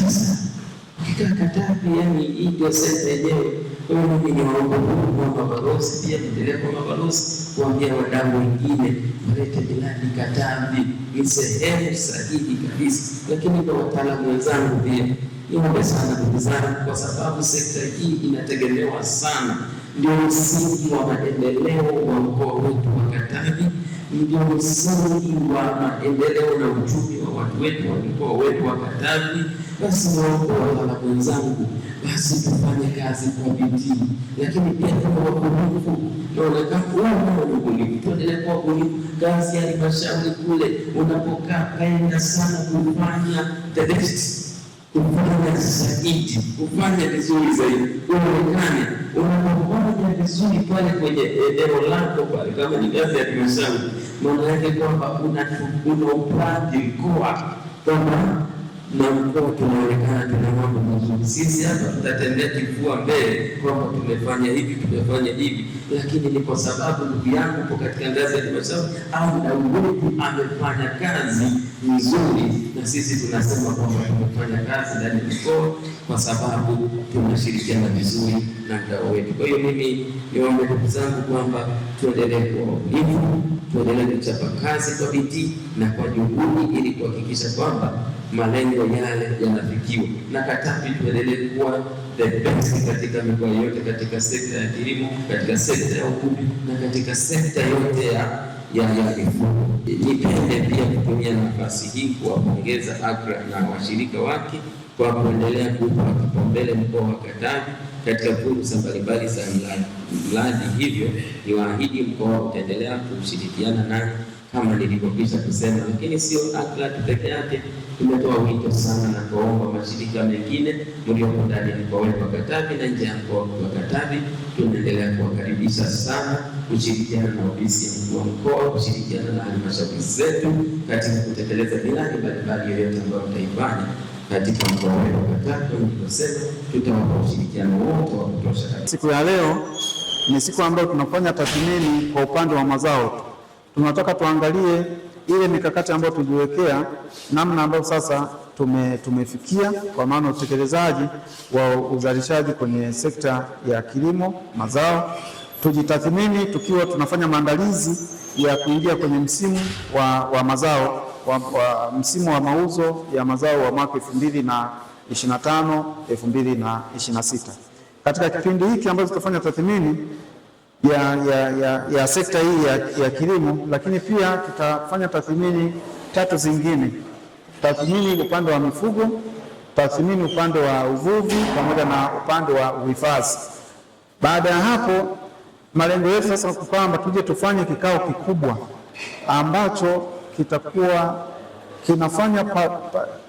Sasa katavi yani, hii ndio sehemu yenyewe. Mimi ni waomba mabalozi pia, niendelea kwa mabalozi kuambia wadau wengine walete miradi Katambi, ni sehemu sahihi kabisa, lakini kwa wataalamu wenzangu pia niombe sana ndugu zangu, kwa sababu sekta hii inategemewa sana, ndio msingi wa maendeleo wa mkoa wetu wa Katavi, ndio msingi wa maendeleo na uchumi wa watu wetu wa mkoa wetu wa Katavi basi naomba na wenzangu, basi tufanye kazi kwa bidii, lakini pia kama wabunifu naonekana wabunifu. Kazi ya halmashauri kule unapokaa, penda sana kufanya the best, kufanya zaidi, kufanya vizuri zaidi, uonekane unapofanya vizuri pale kwenye eh, eneo lako pale, kama ni kazi ya halmashauri, maana yake kwamba una upande mkoa kwamba na mkoa tunaonekana tuna mambo mazuri. Sisi hapa tutatembea kifua mbele kwamba tumefanya hivi, tumefanya hivi lakini ni kwa sababu ndugu yangu po katika ngazi ya halmashauri au na wetu amefanya kazi nzuri, na sisi tunasema kwamba tumefanya kazi ndani ya mkoa kwa sababu tunashirikiana vizuri na mdao wetu. Kwa hiyo mimi niwambe ndugu zangu kwamba tuendelee kuwa wabunifu, tuendelee kuchapa kazi kwa bidii na kwa juhudi, ili kuhakikisha kwamba malengo yale yanafikiwa, na Katavi tuendelee kuwa the best katika mikoa yote, katika sekta ya kilimo, katika sekta ya ukumbi na katika sekta yote ya ya mifugo. Nipende pia kutumia nafasi hii kuwapongeza AGRA na washirika wake kwa kuendelea kuupa kipaumbele mkoa wa Katavi katika fursa mbalimbali za mradi, hivyo ni waahidi mkoa utaendelea kushirikiana naye kama nilivyokwisha kusema, lakini sio AGRAT peke yake. Tumetoa wito sana na kuomba mashirika mengine mliopo ndani ya mkoa wa Katavi na nje ya mkoa wa Katavi, tunaendelea kuwakaribisha sana kushirikiana na ofisi ya mkuu wa mkoa, kushirikiana na halmashauri zetu katika kutekeleza miradi mbalimbali yoyote ambayo mtaifanya katika mkoa wetu wa Katavi tutawapa ushirikiano wote wa kutosha. Siku ya leo ni siku ambayo tunafanya tathmini kwa upande wa mazao tu, tunataka tuangalie ile mikakati ambayo tuliwekea, namna ambayo sasa tume, tumefikia kwa maana utekelezaji wa uzalishaji kwenye sekta ya kilimo mazao. Tujitathmini tukiwa tunafanya maandalizi ya kuingia kwenye msimu wa, wa mazao wa, wa msimu wa mauzo ya mazao wa mwaka 2025 2026. Katika kipindi hiki ambacho tutafanya tathmini ya, ya, ya, ya sekta hii ya, ya kilimo, lakini pia tutafanya tathmini tatu zingine: tathmini upande wa mifugo, tathmini upande wa uvuvi, pamoja na upande wa uhifadhi. Baada ya hapo, malengo yetu sasa kwamba tuje tufanye kikao kikubwa ambacho kitakuwa kinafanya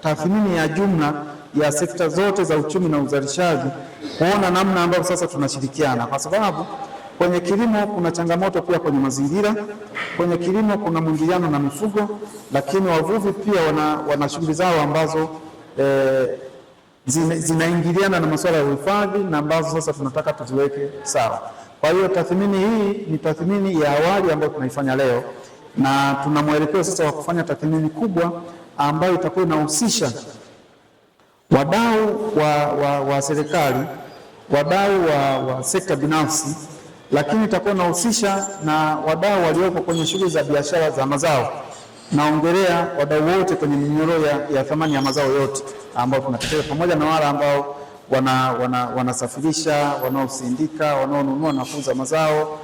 tathmini ya jumla ya sekta zote za uchumi na uzalishaji kuona namna ambavyo sasa tunashirikiana, kwa sababu kwenye kilimo kuna changamoto pia kwenye mazingira, kwenye kilimo kuna mwingiliano na mifugo, lakini wavuvi pia wana, wana shughuli zao ambazo eh, zinaingiliana na masuala ya uhifadhi na ambazo sasa tunataka tuziweke sawa. Kwa hiyo tathmini hii ni tathmini ya awali ambayo tunaifanya leo na tuna mwelekeo sasa wa kufanya tathmini kubwa ambayo itakuwa inahusisha wadau wa, wa, wa serikali, wadau wa, wa sekta binafsi, lakini itakuwa inahusisha na wadau walioko kwenye shughuli za biashara za mazao. Naongelea wadau wote kwenye minyororo ya, ya thamani ya mazao yote ambao tunatetea pamoja na wale ambao wanasafirisha, wana, wana wanaosindika, wanaonunua na kuuza mazao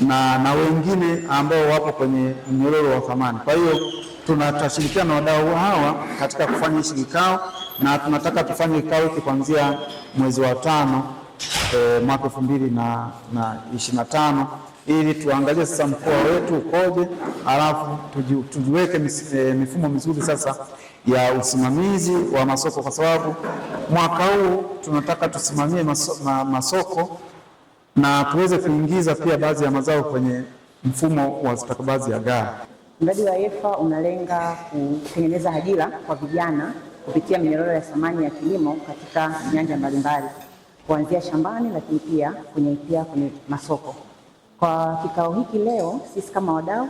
na, na wengine ambao wapo kwenye mnyororo wa thamani. Kwa hiyo tunatashirikiana na wadau hawa katika kufanya hichi kikao na tunataka tufanye kikao hiki kuanzia mwezi wa tano e, mwaka elfu mbili na, na ishirini na tano ili tuangalie sasa mkoa wetu ukoje, halafu tujiweke eh, mifumo mizuri sasa ya usimamizi wa masoko, kwa sababu mwaka huu tunataka tusimamie maso, ma, masoko na tuweze kuingiza pia baadhi ya mazao kwenye mfumo wa stakabadhi ya gaa Mradi wa EFA unalenga kutengeneza ajira kwa vijana kupitia minyororo ya thamani ya kilimo katika nyanja mbalimbali kuanzia shambani, lakini pia kwenye pia kwenye masoko. Kwa kikao hiki leo, sisi kama wadau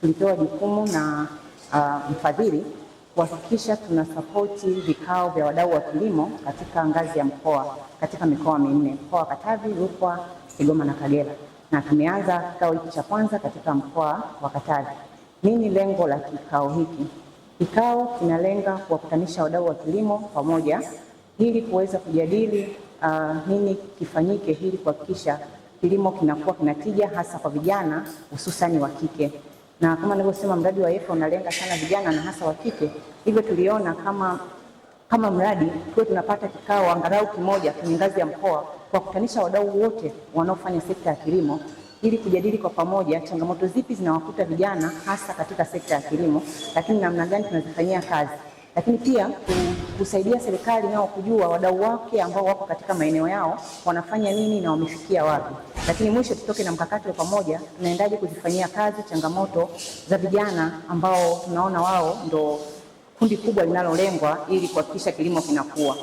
tulipewa jukumu na uh, mfadhili kuhakikisha tuna sapoti vikao vya wadau wa kilimo katika ngazi ya mkoa katika mikoa minne, mkoa wa Katavi, Rukwa, Kigoma na Kagera, na tumeanza kikao hiki cha kwanza katika mkoa wa Katavi. Nini lengo la kikao hiki? Kikao kinalenga kuwakutanisha wadau wa kilimo pamoja ili kuweza kujadili uh, nini kifanyike ili kuhakikisha kilimo kinakuwa kinatija hasa kwa vijana hususani wa kike, na kama nilivyosema, mradi wa EFA unalenga sana vijana na hasa wa kike, hivyo tuliona kama kama mradi tuwe tunapata kikao angalau kimoja kwenye ngazi ya mkoa kwa kutanisha wadau wote wanaofanya sekta ya kilimo ili kujadili kwa pamoja changamoto zipi zinawakuta vijana hasa katika sekta ya kilimo, lakini namna gani tunazifanyia kazi, lakini pia kusaidia serikali nao kujua wadau wake ambao wako katika maeneo yao wanafanya nini na wamefikia wapi, lakini mwisho tutoke na mkakati wa pamoja, tunaendaje kuzifanyia kazi changamoto za vijana ambao tunaona wao ndo kundi kubwa linalolengwa ili kuhakikisha kilimo kinakuwa.